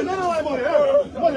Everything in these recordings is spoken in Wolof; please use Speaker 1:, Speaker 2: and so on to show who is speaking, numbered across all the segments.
Speaker 1: Hey,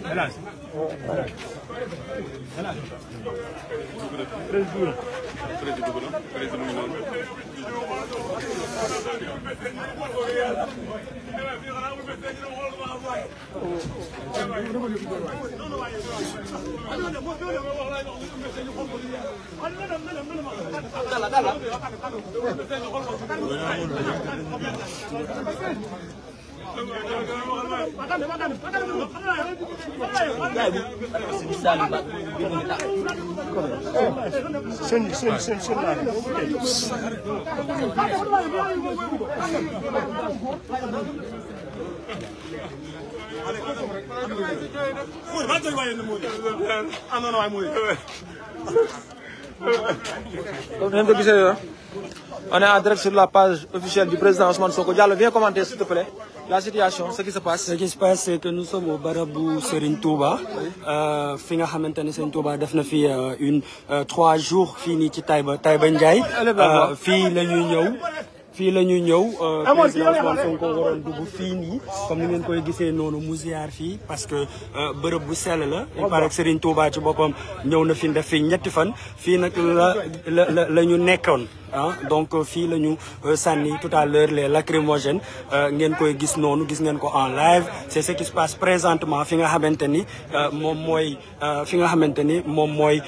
Speaker 2: hélas hélas président président mu ngi noonu dala dala
Speaker 3: On est en direct sur la page officielle du président Ousmane Sonko. Diallo, viens commenter s'il te plaît. la situation
Speaker 4: ce qui se passe. ce qui se passe c'est que nous sommes au barabu Serigne Touba. Euh, fi nga xamante ne Serigne Touba def na fi euh, une euh, trois jours fii nii ci Taïba Taïba Ndiaye. fii la ñuy ñëw. fii la ñuy ñëw président Ousmane Sonko waroon dugg fii nii comme ni ngeen koy gisee noonu mu ziar fii parce que bërëb bu sell la il paraît que Serigne Touba ci boppam ñëw na fi def fi ñetti fan fii nag la la la ñu nekkoon ah donc euh, fii la ñu euh, sànni tout à l'heure les lacrymogènes euh, ngeen koy gis noonu gis ngeen ko en live c'est ce qui se passe présentement fi nga xamante ni moom mooy fi nga xamante ni moom mooy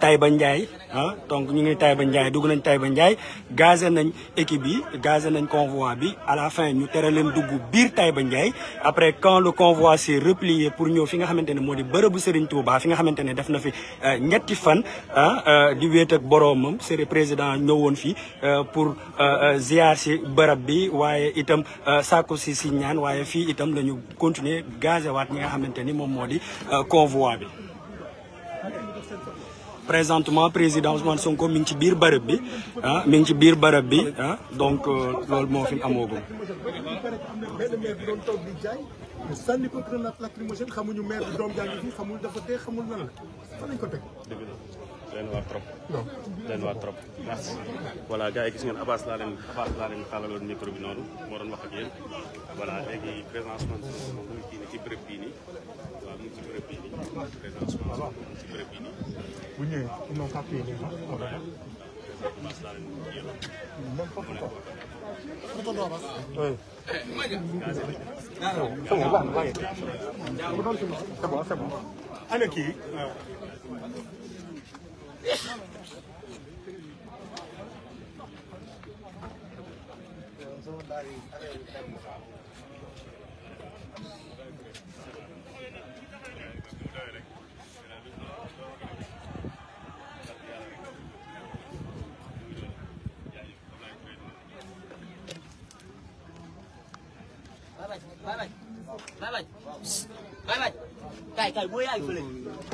Speaker 4: Taïba Ndiaye ah donc ñu ngi Taïba Ndiaye dugg nañ Taïba Ndiaye gazé nañ équipe yi gazé nañ convoi bi à la fin ñu tere leen dugg biir Taïba Ndiaye après quand le convoi s'est replié pour ñëw fi nga xamante ne moo di bërëbu Serigne Touba fi nga xamante ne def na fi ñetti fan ah di wéet ak boroomam c'est président ñëwoon fii euh, pour euh, euh, ziar si barab bi waaye itam sàkku si si ñaan waaye fii itam lañu ñu continuer waat ñi nga xamante ni moom moo di convoi bi présentement président Ousmane Sonko mi ci biir barab bi ah mi ngi ci biir bërëb bi ah, donc loolu moo fi amoogum
Speaker 2: leen war trop. leen war trop merci. voilà gars yi gis ngeen Abass laa leen Abass laa leen tàllaloon micro bi noonu moo doon wax ak yéen voilà léegi présence man moom mu ngi kii nii ci béréb bii nii waaw mu ngi ci béréb bii nii présence man moom mu ngi ci béréb bii nii. bu ñëwee ils n'ont pas payé les gens. voilà Abass laa leen yéen a. bu doon kii. c'est bon c'est bon. ana kii.
Speaker 5: Bye bye. Bye bye. Bye bye. Kay kay mooy yaay fële.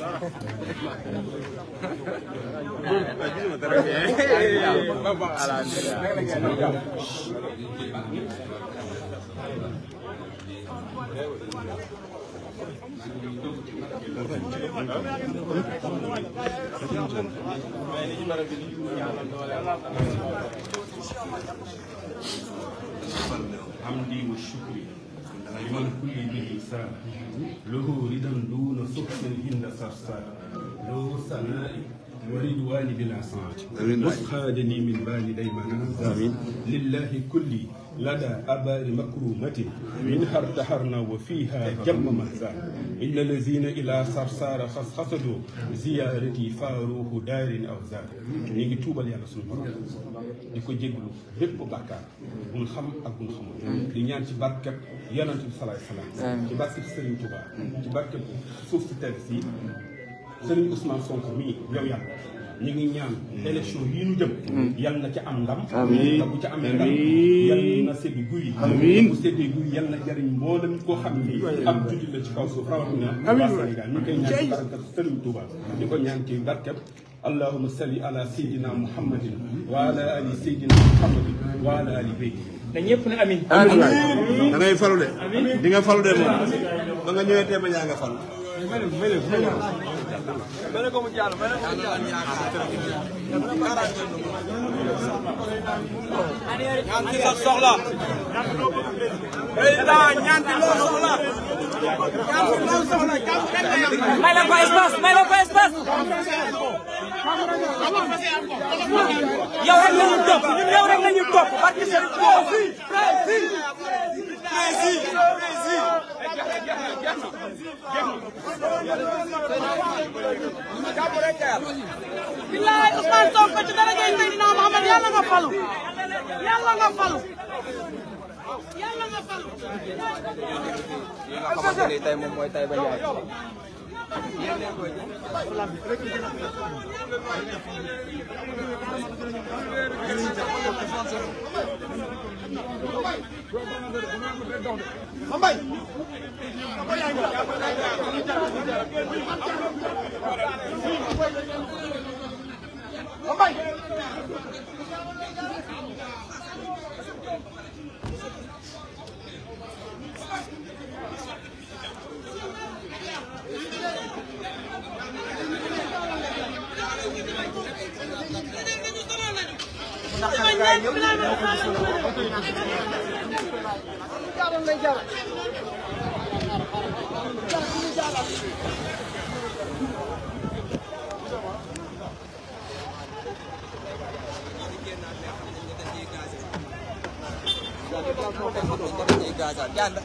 Speaker 2: الحمد والشكر لمن كل به سار له ردا دون سخف عند صرصار له الثناء ورضوان بلا صار مسخى جني من بال ديمنا لله كلي لدى أبار مكرومة منها ارتحرنا وفيها جم مهزا إلا الذين إلى صرصار خصخصدوا زيارتي فاروه دار أو زار نيجي توبال يا رسول الله ديكو جيغلو بيب بكار بون خم اك بون خمو دي ñaan ci barkat yaronte bi sallallahu alayhi wasallam ci barkat serigne touba ci barkat suuf ci tedd si serigne ousmane sonko mi yow yàlla ñu ngi ñaan mm. élection yii nu jëm mm. yal na ci am ndam te bu ci amee ndam yal na seddu guy amiin bu seddu yal na jariñ mboolem ko xam ni am julli la ci kaw suuf rawatina waa Sénégal ñu ngi koy ñaan ci barkab Sëriñ Tuuba di ko ñaan ci barkab allahumma salli ala sayyidina muhammadin wa ala ali sayyidina muhammadin wa ala ali bayti na ñëpp ne amiin. amiin da ngay falu de. di nga falu de moom. ba nga ñëwee Téeméer yaa nga falu.
Speaker 5: mën na ko mu jàll mën na ko mu jàll. ñaanti loo soxla. président ñaanti loo soxla.
Speaker 3: ñaanti loo soxla. may la ko espace may la ko
Speaker 2: espace. yow rek la ñu topp yow rek la ñu
Speaker 3: topp
Speaker 1: parce
Speaker 5: que
Speaker 4: billaay Ousmane Sonko ci dara ngay tey dina Muhammad yàlla nga falu
Speaker 5: yàlla nga falu yàlla nga falu yi nga xamante ni tey moom mooy tey ba yaay yéen Mbaye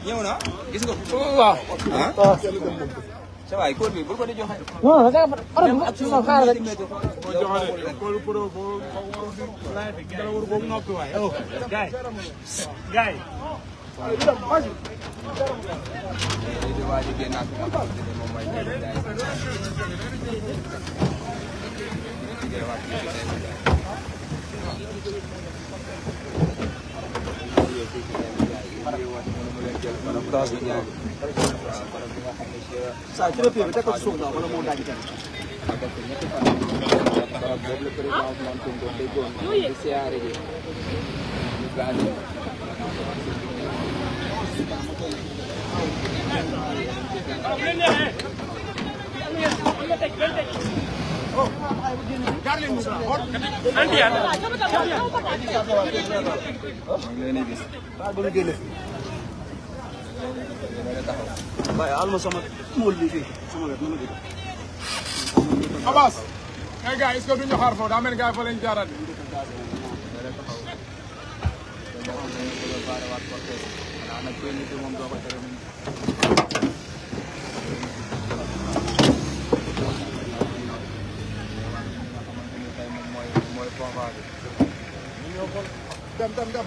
Speaker 5: ñëw na gis nga waaw sa waay code bi bul ko di joxe.
Speaker 1: non da nga ko doon ak suñu xaaral rek.
Speaker 5: boo
Speaker 3: joxee rek
Speaker 5: code pro boo dara
Speaker 3: war boo noppi waay. gars
Speaker 2: yi gars yi.
Speaker 5: Thank you. gaz bi ñëw. saa ci bi teg ko ci suuf daal wala moo daañu kenn. boobu la président Ousmane Sonko déggoon di siyaare ji ñu gaz yi.
Speaker 4: maa ngi leen
Speaker 2: di gis.
Speaker 4: taxaw. waaye alma sama mool bi fii ma dégg.
Speaker 2: Abass. kay gars est-ce que duñu xaar foofu daa mel ni gars
Speaker 1: yi dem dem dem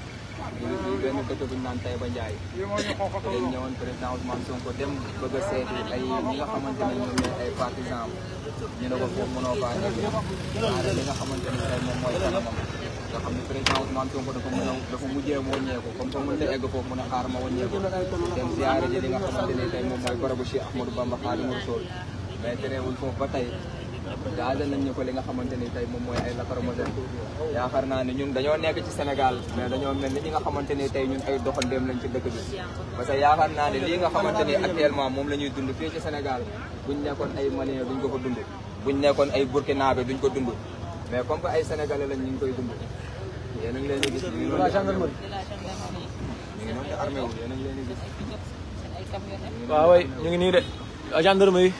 Speaker 5: ñu ngi fii benn dëkk bu ñu naan Taïba Ndiaye tey ñëwoon président Ousmane Sonko dem bëgg a seeti nga xamante ne ay partisan ñu ne ko foofu mënoo faa nekk waaye li nga xamante ne tey moom mooy kanamam nga xam ne président Ousmane Sonko dafa mën a dafa mujjee wàññeeku comme soo mënta egg foofu mën a xaar ma wàññeeku dem ziare ji li nga xamante ne moom mooy barabu Cheikh Ahmadou Bamba Khadimou Rassoul mais terewul foofu ba tey daajal nañ ñu ko li nga xamante ni tey moom mooy ay lacrymogène yaakaar naa ne ñun dañoo nekk ci Sénégal mais dañoo mel ni ñi ci dëkk bi parce que yaakaar naa ne lii nga xamante actuellement moom la dund fii ci Sénégal buñ nekkoon ay Malien duñ ko ko dund buñ nekkoon ay Burkinabé duñ ko dund mais comme que ay Sénégalais lañ ñu ngi koy dund yéen a ngi leen di gis ñu ñu ngi noonu
Speaker 3: a ngi leen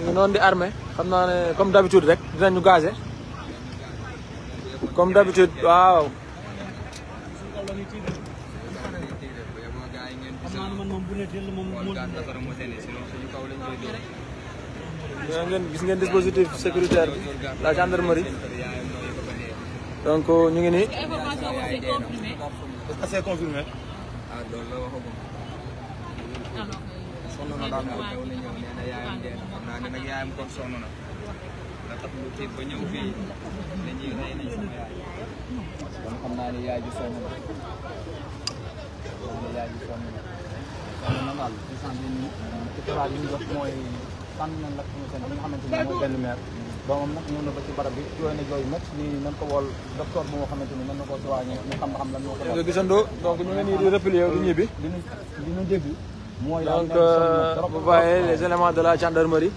Speaker 3: ñu ngi noonu di armé xam naa ne comme d'habitude rek dinañu gazé comme d'habitude waaw. ñoo ngeen gis ngeen dispositif sécuritaire bi la
Speaker 5: euh, ñu ngi nii. te yaayam dee na xam naa ne nag yaayam kon sonn na la tax mu tiit ba ñëw fii ne ñii rey nañ sama yaay kon xam naa ne yaay ji sonn na xam naa ne yaay ji sonn na sonn na daal instant bi nii ci xibaar yi ñu jot mooy
Speaker 4: tànn nañ la commissaire
Speaker 1: bi nga xamante ni mooy benn maire doomam nag ñëw na ba ci barab bi jooy na jooy métti ni nan ko wool docteur bu nga xamante ni mën na koo si waañe ñu xam nga xam lan moo ko gisandoo donc ñu ngi nii di replier
Speaker 3: di ñibbi di ñu dégg Donc, euh, vous les éléments de la gendarmerie.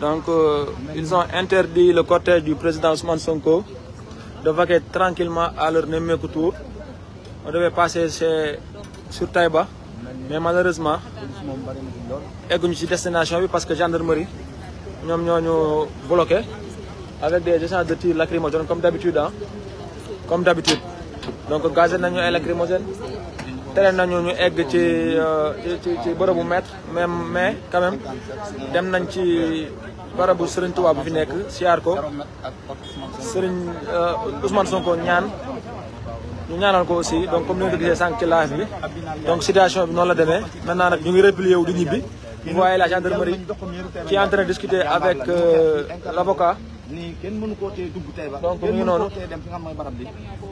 Speaker 3: Donc, euh, ils ont interdit le cortège du président Ousmane Sonko de vaquer tranquillement à leur Nemekou tour. On devait passer chez, sur Taïba, mais malheureusement,
Speaker 4: nous
Speaker 3: sommes destination parce que la gendarmerie nous nous bloqué avec des échanges de tirs lacrymogènes comme d'habitude. Hein? Comme d'habitude. Donc, gazé, nous lacrymogènes. tere nañu ñu egg euh, ci ci ci bërëbu maître même mais quand dem nañ ci bërëbu Serigne Touba bu fi nekk siyaar ko Serigne euh, Ousmane Sonko ñaan ñu ñaanal ko aussi donc comme ni nga ko gisee sànq ci live bi donc situation bi noonu la demee maintenant nag ñu ngi replier wu di ñibbi vous voyez la gendarmerie qui est en train de discuter avec euh, l'avocat
Speaker 1: nii kenn mënu koo tee dugg Taïba. donc mu ngi noonu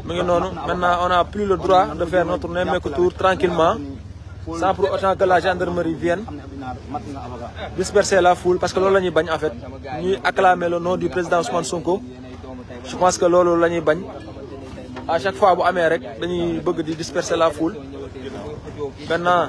Speaker 3: mu ngi noonu maintenant on a plus le droit de faire notre nemmeeku tour tranquillement sans pour la gendarmerie vienne disperser la foule parce que loolu la bañ en fait ñuy acclamer le nom du président Ousmane Sonko je pense que loolu la bañ à chaque fois bu amee rek dañuy bëgg di disperser la foule maintenant.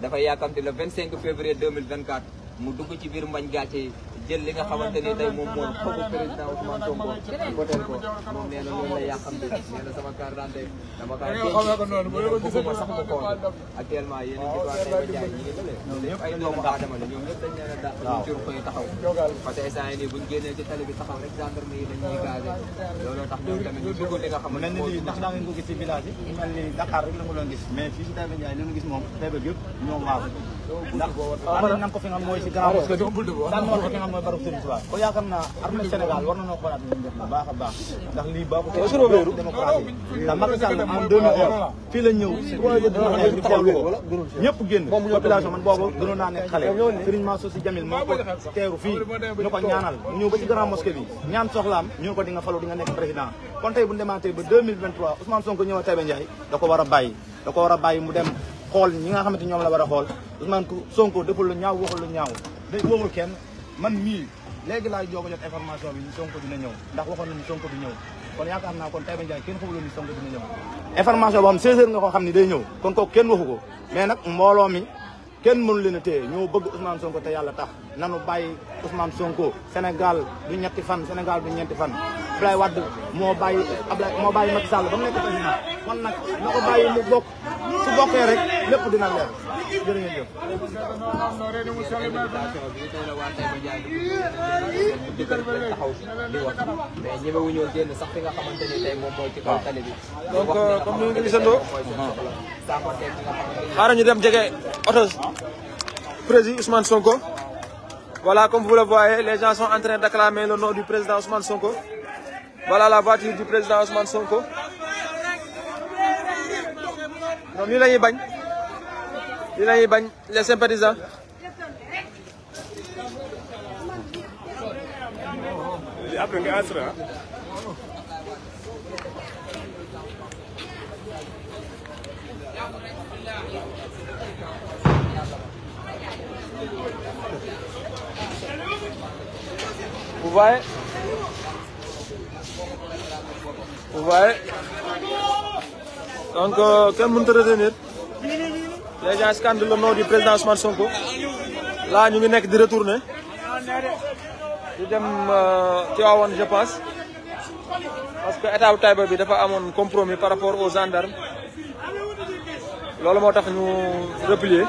Speaker 5: dafa yàkkamti le 25 février 2024 mu dugg ci biir mbañ gàcce yi jël li nga xamante ni tey moom mooy xobu président Ousmane Sonko votel ko moom nee na loolu la yàqam bi nee na sama carte d'identité dama kaa denc bëgguma sax ma xool actuellement yéen a ngi waa Demba Ndiaye ñi ngi dale loolu yëpp ay doomu aadama la ñoom ñëpp dañ leen a dàq ñu jur koy taxaw parce que instant yi nii buñ génnee ci tali bi taxaw rek gendarme yi dañ ñuy gazé looloo tax ñoom tamit ñu bëgg li nga
Speaker 1: xamante mel ni ndax daa ngeen ko gis ci village yi mel ni Dakar rek la nga doon gis mais fii si Demba Ndiaye li ñu gis moom feebar yëpp ñoom waaw ndax am na ko fi nga mooy si ko fi nga mooy barab Serigne ko yaakaar naa armée Sénégal war na noo xoolaat ñu def ndax lii baaxu démocratie ndax ko ñëpp génn ñëw ba ci grand mosquée bi ñaan soxlaam ñu ko di falu di nekk président kon tey bu ñu ba 2023 Ousmane Sonko ñëw a Taïba Ndiaye da ko war a bàyyi da ko war a bàyyi mu dem xool ñi nga xamante ñoom la war a xool Ousmane Sonko deful lu ñaaw waxul lu ñaaw day waxul kenn man mii léegi laay joog a jot information bi Sonko dina ñëw ndax waxoon nañu Sonko du ñëw kon yaakaar naa kon Taïba Ndiaye kenn xamuloon ni Sonko dina ñëw information boo xam 16 nga ko xam ni day ñëw kon kooku kenn waxu ko mais nag mbooloo mi kenn mënu leen a téye ñoo bëgg Ousmane Sonko te yàlla tax nanu bàyyi Ousmane Sonko Sénégal du ñetti fan Sénégal du ñeenti fan Ablaye Wade moo bàyyi Ablaye moo bàyyi Macky Sall ba mu nekk président man nag na ko bàyyi mu bokk su bokkee rek lépp dina leer jërë ngeen jëf.
Speaker 5: mais ñemewuñu génn sax fi nga xamante ni tey moom mooy ci kaw tali bi. donc euh, comme ni nga gisandoo.
Speaker 3: xaaral ñu dem jege oto président Ousmane Sonko. Voilà, comme vous le voyez, les gens sont en train d'acclamer le nom du président Ousmane Sonko. voilà la voiture du président Ousmane Sonko
Speaker 5: ñoom lii la ñuy bañ
Speaker 2: lii la ñuy bañ les sympathisants.
Speaker 3: Vous voyez waaye donc euh, kenn mënut a retenir déjà scandé le nom du président Ousmane Sonko laa ñu ngi nekk di retourné di dem euh, Tivaouane je pense parce que état bu Taïba bi dafa amoon compromis par rapport au gendarmes loolu moo tax ñu replier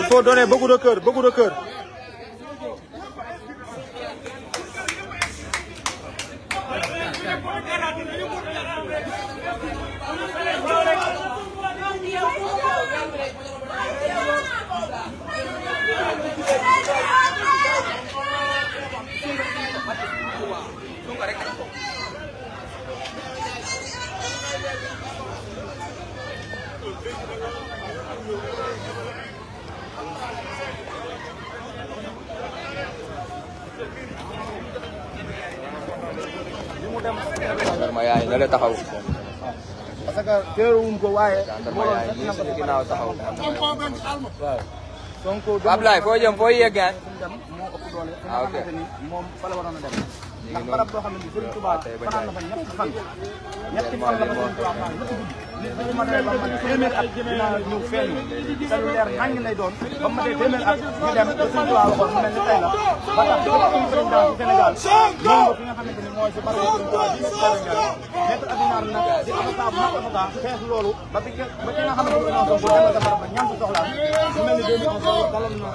Speaker 3: il faut donner beaucoup de cœur beaucoup de cœur
Speaker 5: ma yaay nga la taxaw. parce que teewuñ ko waaye. gendarme yaay ñu suñu ginnaaw taxaw. waaw.
Speaker 1: Sonko Ablaye foo jëm foo yeggee.
Speaker 5: doole fi nga ah, xamante ni
Speaker 1: moom fa la waroon a dem ndax barab boo xam ne Sëriñ Tuubaa ah, fanaan na fa ñetti fan ñetti fan la ko Tuubaa fanaan lu ko gudd
Speaker 4: li ma nee ba ma téeméer at dinaa ñëw feeñ te lu leer nangi
Speaker 1: lay doon ba ma dee téeméer at ñu dem ba Sëriñ Tuubaa waxoon mu mel ni tey la ba tax di ko président du Sénégal ñëw fi nga xamante ni mooy si barab Sëriñ Tuubaa di nekk adinaar nag di avocat bu mag avocat xeex loolu ba bi ba ki nga xamante ni non soo ko demee sa barab ba ñaata soxla mu mel ni 2011 daloon na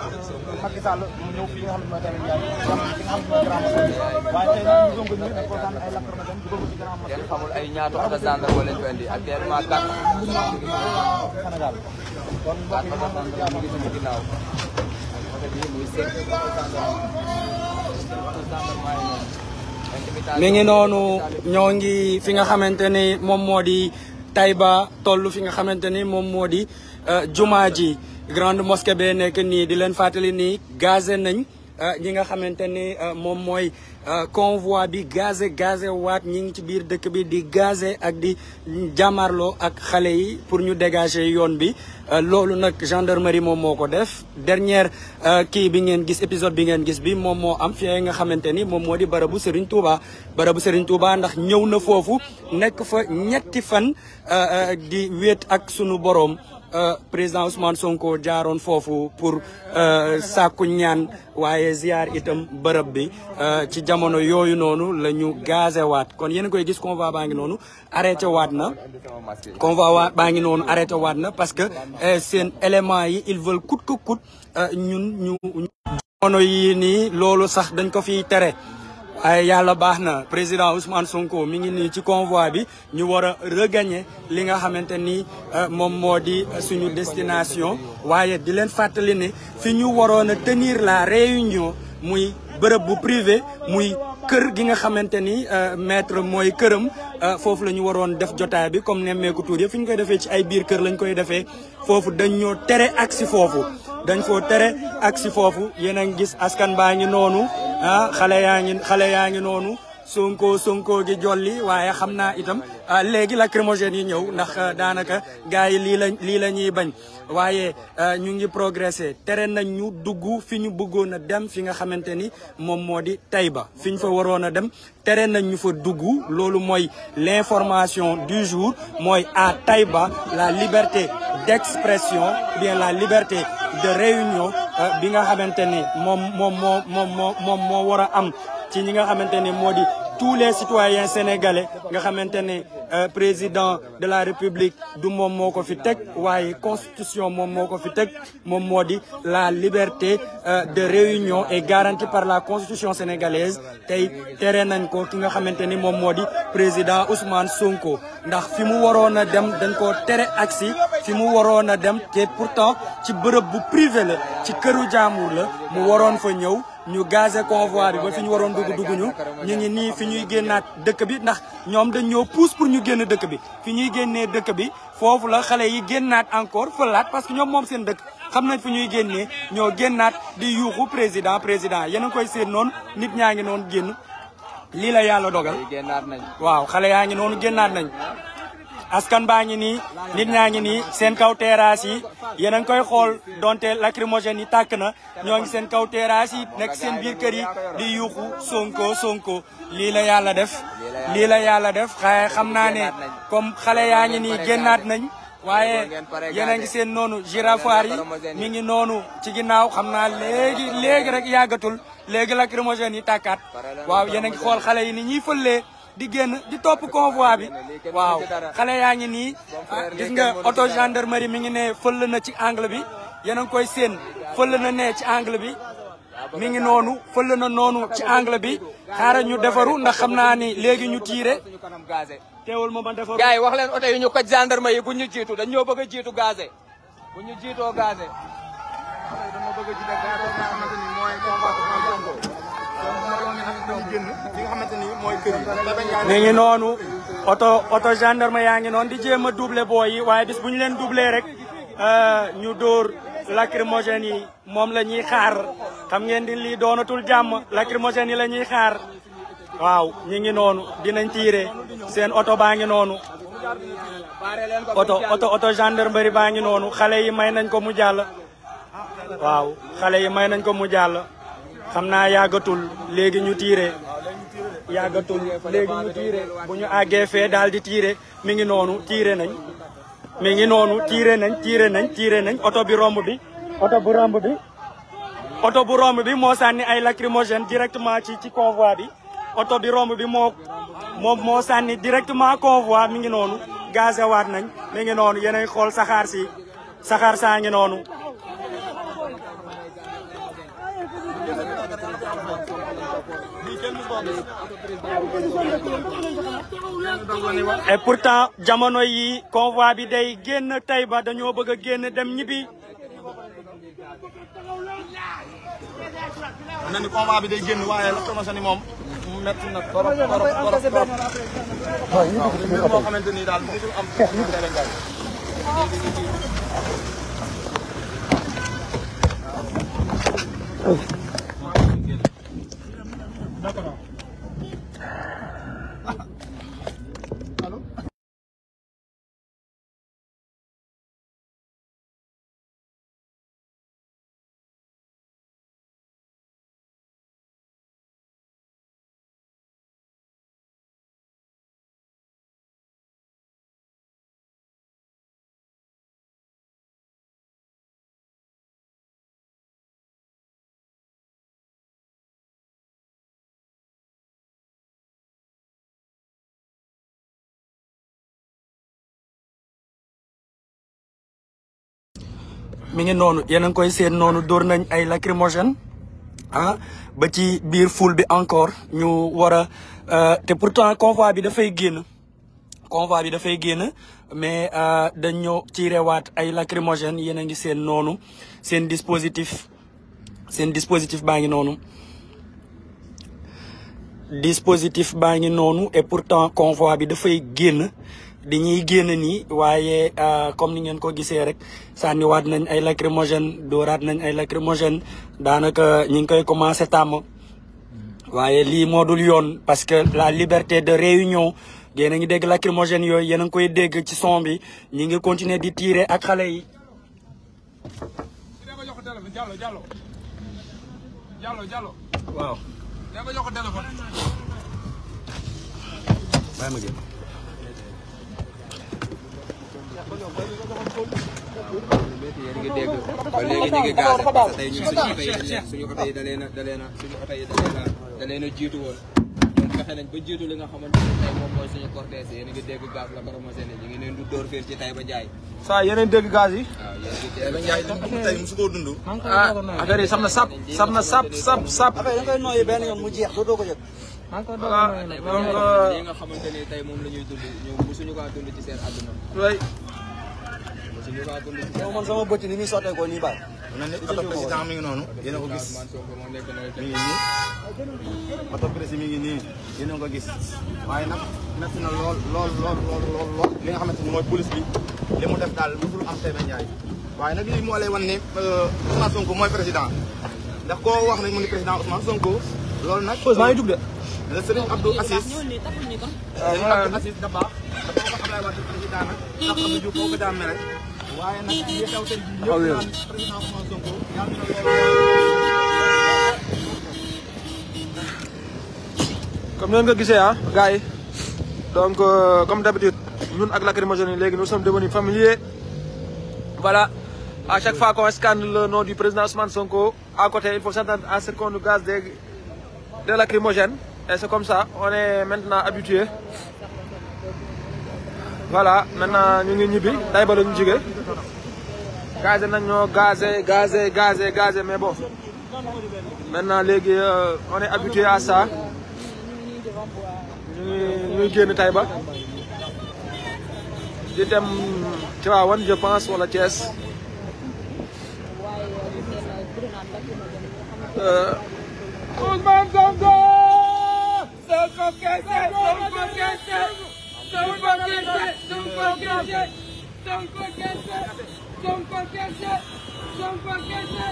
Speaker 1: Macky Sall mu ñëw fi fi
Speaker 5: nga ngi
Speaker 4: noonu ñoo ngi fi nga xamante ni moom moo di Taïba fi nga xamante ni moom moo di jumaa ji grande mosquée bee nekk nii di leen fàttali nii gazé nañ euh, ñi nga xamante ni euh, moom mooy euh, convoi bi gazé gaze waat ñi ngi ci biir dëkk bi di gazé ak di jàmmarloo ak xale yi pour ñu dégager yoon bi loolu nag gendarmerie moom moo ko def dernière kii bi ngeen gis épisode bi ngeen gis bi moom moo am fii nga xamante ni moom moo di barabu Serigne Touba barabu Serigne Touba ndax ñëw na foofu nekk fa ñetti fan di wéet ak sunu boroom Euh, président Ousmane Sonko jaaroon foofu pour euh, sàkku ñaan waaye ziar itam bërëb bi euh, ci jamono yooyu noonu la ñu gazé waat kon yéen koy gis convoi baa ngi noonu arrêté waat na convoi waat baa ngi noonu arrêté waat na parce que seen élément yi ils veulent coûte que coûte ñun ñu jamono yi nii loolu sax dañ ko fi tere ay yàlla baax na président Ousmane Sonko mu ngi nii ci convoi bi ñu war a regagner li nga xamante ni euh, moom moo di suñu destination waaye di leen fàttali ne fi ñu waroon a tenir la réunion muy bërëb bu privé muy kër gi nga xamante ni euh, maître mooy këram euh, foofu la ñu waroon def jotaay bi comme nemmeeku tuur yëpp fi ñu koy defee ci ay biir kër lañu koy defee foofu dañ ñoo tere ak si foofu dañ koo tere ak foofu yéen a gis askan baa ngi noonu ah xale yaa ngi xale yaa ngi noonu sonko sonko gi jolli waaye xam naa itam ah, léegi lacrymogène yi ñëw ndax ah, daanaka gars yi lii la lii la ñuy bañ waaye ah, ñu ngi progressé tere nañ ñu dugg fi ñu bëggoon a dem fi nga xamante ni moom moo di Taïba fi ñu fa waroon a dem tere nañ ñu fa dugg loolu mooy l'information du jour mooy à tayba la liberté d'expression bien la liberté de réunion bi nga xamante ni moom moom moo moom moo moom moo war a am ci ñi nga xamante ne moo di tous les citoyens sénégalais nga xamante ne euh, président de la république du moom moo ko fi teg waaye constitution moom moo ko fi teg moom moo di la liberté euh, de réunion est garantie par la constitution sénégalaise tey tere nañ ko ki nga xamante ni moom moo di président Ousmane Sonko ndax fi mu waroon a dem dañ ko tere aksi fi mu waroon a dem te pourtant ci bërëb bu privé la ci këru jaamur la mu waroon fa ñëw ñu gazé convoi bi ba fi ñu waroon dugg dugguñu ñu ngi nii fi ñuy génnaat dëkk bi ndax ñoom dañ ñoo pousse pour ñu génn dëkk bi fi ñuy génnee dëkk bi foofu la xale yi génnaat encore fëlaat parce que ñoom moom seen dëkk xam nañ fi ñuy génne ñoo génnaat di yuuxu président président yéen a koy seen noonu nit ñaa ngi noonu génn lii la yàlla dogal waaw xale yaa ngi noonu génnaat nañ askan baa ngi ni nit ñaa ngi ni seen kaw terrasse yi yéen a ngi koy xool donte lacrymogène yi tàkk na ñoo ngi seen kaw terrasse yi nekk seen biir kër yi di yuuxu sonko sonko lii la yàlla def lii la yàlla def xaye xam naa ne comme xale yaa ngi nii génnaat nañ waaye yéen a ngi seen noonu girafoire yi mi ngi noonu ci ginnaaw xam naa léegi léegi rek yàggatul léegi lacrymogène yi tàkkaat waaw yéen a xool xale yi ni ñuy di génn di topp convoi bi waaw xale yaa ngi nii ah, gis nga auto gendarmerie mi ngi ne fël na ci angle bi yéen a ngi koy séen fël na ne ci angle bi mi ngi noonu fël na noonu ci angle bi xaaral ñu defaru ndax xam naa ni léegi ñu tiire teewul ma ma defaru. gars
Speaker 5: yi wax leen oto ñu ko gendarmerie bu ñu jiitu dañoo ñoo bëgg a jiitu gazé ñu jiitoo gazé.
Speaker 1: ñu ngi
Speaker 4: noonu oto oto gendarme yaa ngi noonu di jéem a duble booy yi waaye bis bu ñu leen doublé rek euh, ñu dóor lacrymogène yi moom la ñuy xaar xam ngeen di lii doonatul jàmm lacrymogène yi la ñuy xaar waaw ñu ngi noonu dinañ tiire seen oto baa ngi noonu oto oto oto ba baa ngi noonu xale yi may nañ ko mu jàll waaw xale yi may nañ ko mu jàll xam naa yàggatul léegi ñu tiire yàggatul léegi ñu tiire bu ñu àggee fee daal di tiire mi ngi noonu tiire nañ mi ngi noonu tiire nañ tiire nañ tiire nañ oto bi romb bi oto bu romb bi oto bu romb bi moo sànni ay lacrymogène directement ci ci convoi bi oto bi romb bi moo moom moo sànni directement convoi mi ngi noonu gazé waat nañ mi ngi noonu yéenay xool saxaar si saxaar saa ngi noonu et pourtant jamono yi convoi bi day génn Taïba dañoo bëgg a génn dem ñibbi. mi ngi noonu yéen a koy seen noonu dóor nañ ay lacrymogène ah ba ci biir foule bi encore ñu war a euh, te pourtant convoi bi dafay génn convoi bi dafay génn mais euh, dañ ñëw tiirewaat ay lacrymogène yéen a ngi seen noonu seen dispositif seen dispositif baa ngi noonu dispositif baa ngi noonu et pourtant convoi bi dafay génn di dañuy génne nii waaye euh, comme ni ngeen ko gisee rek sànniwaat nañ ay lacrymogène dóoraat nañ ay lacrymogène daanaka ñu ngi koy commencé tàmm waaye lii moo dul yoon parce que la liberté de réunion yéen a ngi dégg lacrymogène yooyu yéen a ngi koy dégg ci son bi ñi ngi continuer di tirer ak xale yi waaw yéen ngi dégg ba
Speaker 5: léegi ñu ngi gaase parce que tey ñun suñu oto yi suñu oto yi dalee na dalee na suñu oto yi dalee na dalee na jiitu woon ñoom fexe nañ ba jiitu li nga xamante ne tey moom mooy suñu cortège yéen ngi dégg gaz la coromosé ne ñu ngi leen du dóor fiir ci tey ba jaay
Speaker 3: saa yeneen dégg gaz yi waaw
Speaker 5: yéen ngi jaay tey mosu koo dund affaire yi saf na sap saf na sap sap sap affaire da koy nooyi benn yoon mu jeex doo doo ko jot voilà donc li nga xamante ne tey moom la ñuy dund ñoom mosuñu ko dund ci seen àdduna man sama bëcc ni muy sottee ko nii baay.
Speaker 1: mel président mi ngi noonu yéen a ko gis mi ngi nii oto président mi ngi nii yéen ko gis waaye nag metti na lool lool lool lool lool lool li nga xam ni mooy police bi li mu def daal mosul am Sebe Ndiaye waaye nag lii moo lay wan euh, mooy président ndax ko wax nañ mu ni président Ousmane Sonko loolu nag. maa ngi dugg de. le Serigne Abdou Assis euh,
Speaker 2: Serigne
Speaker 1: Abdou Assis Dabakh dafa wax Abdoulaye Wade président nag ndax Abdou Diouf foo ko daan mere waaye nag
Speaker 3: li nga gisee ah gars yi donc euh, comme d'habitude ñun ak lacrymogène yi léegi nous sommes devenus familiers voilà à chaque fois qu'on scande le nom du président Ousmane Sonko à côté il faut s'attendre à ce qu'on gaz des des lacrymogènes et c'est comme ça on est maintenant habitué voilà maintenant ñu ngi ñibbi Taïba ñu jógee gazé nañ ñoo gazé gazé gazé gazé mais bon léegi euh, on est habitué à ça ñu ngi ñuy génn Taïba di dem Tivaouane je pense wala Thiès
Speaker 5: Ousmane euh. Sonko gerte Sonko gerte Sonko gerte Sonko gerte Sonko gerte.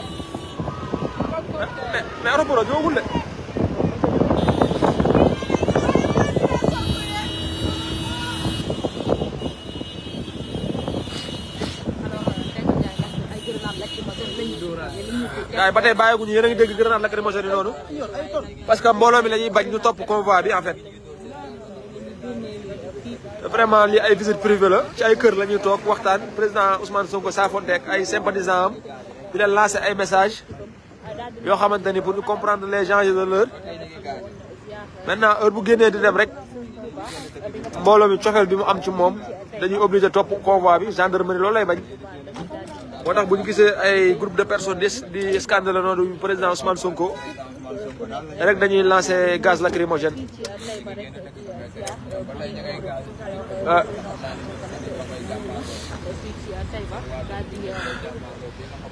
Speaker 3: mais mais aéroport ñëwagul de. waaye ba tey bàyyi a ngi dégg noonu parce que mbooloo mi la ñuy topp convoi bi en fait. vraiment li ay visite privée la ci ay kër la ñuy toog waxtaan président Ousmane Sonko saafonte ak ay sympathisants am di leen ay message yoo xamante ni pour ñu comprendre les gens de l'heure maintenant heure bu génnee di dem rek mbooloo mi cofeel bi mu am ci moom dañuy obligé topp convoi bi gendarmerie loolu lay bañ moo tax bu ñu gisee ay groupe de personnes di di scandale noonu président Ousmane Sonko rek dañuy lancer gaz lacrymogène ah.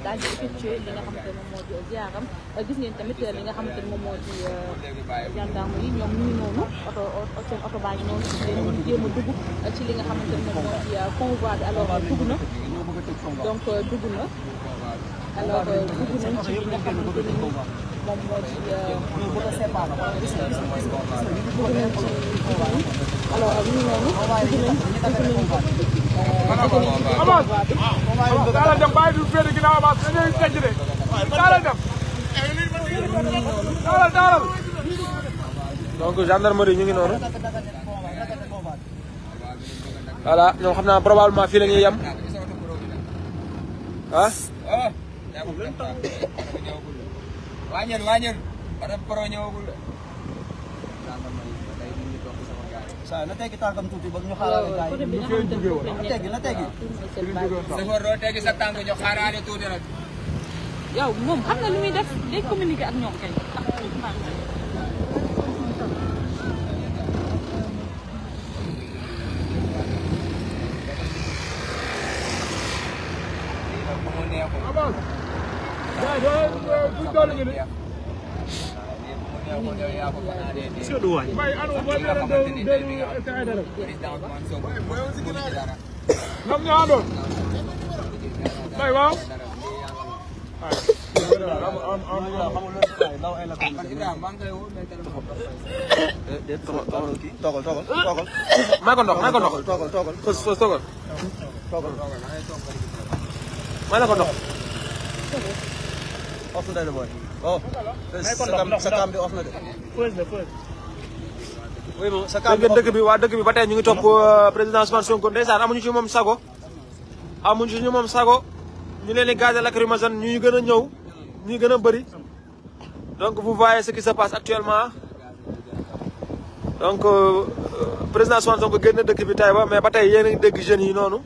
Speaker 5: daal di effectué li nga xamante ne moom moo di ziaram euh, gis ngeen tamit euh, li nga xamante ne moom moo di euh, gendarme yi ñoom ñu ngi noonu oto seen oto baa ngi noonu leen jéem a dugg ci li nga xamante ne moom moo di convoi bi alors dugg na donc dugg na
Speaker 4: alors dugg nañ ci li nga
Speaker 5: xamante ne moom moo ci bëgg a séparé gis nga
Speaker 1: gis nga
Speaker 3: donc gendarmerie ñu ngi noonu voilà
Speaker 5: ñoom xam naa probablement fii la ñuy yem ah? wàññil wàññil madame Pro ñëwagul de. saa na teggi tànkam tuuti ba ñu xaarale gars yi ñu fee jóge woon na teggi na teggi. sëfoor doo teggi sa tànk ñu xaarale tuuti rek.
Speaker 1: yow moom xam na lu muy def day communiquer ak ñoom
Speaker 5: Monsieur
Speaker 2: Duwaay. ñoom ñoo àndoon. Mbaye waaw.
Speaker 3: toogal toogal toogal. maa ko ndox maa ko ndox. toogal toogal toogal toogal. maa la ko ndox. off na de booy. oh sa kaam er, er? bi off na de.
Speaker 5: pause la pause. oui moom sa
Speaker 4: kaam bi off na dëkk bi waa
Speaker 3: dëkk bi ba tey ñu ngi topp euh, président Ousmane Sonko ndeysaan amuñu ci moom sago. amuñu ci moom sago ñu leen di gazé lacrymogène ñuy gën a ñëw ñuy gën a bëri. donc vous voyez ce qui se passe actuellement donc euh, euh, président Ousmane Sonko génn dëkk bi tey ba mais ba tey yéen a ngi dégg jeunes yi noonu.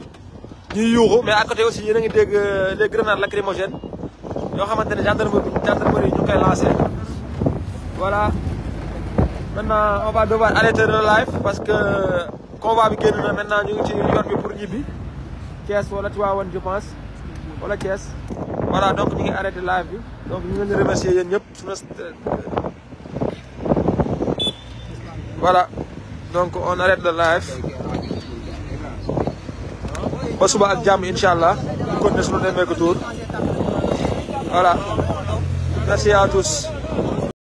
Speaker 3: ñuy yuuxu mais à côté aussi yéen a ngi dégg les grenades lacrymogènes. yoo xamante ne gendarmerie gendarmerie ñu koy lancé voilà maintenant on va devoir arrêter le live parce que convoi bi génn na maintenant ñu ci yoon bi pour ñibbi Thiès wala Tivaouane je pense wala Thiès voilà donc ñu ngi arrêté live bi donc ñu ngi remercier yéen ñëpp suna voilà donc on arrête le live ba suba ak jàmm incha allah ñu continuer suñu demee ko tour Voilà. Merci à tous.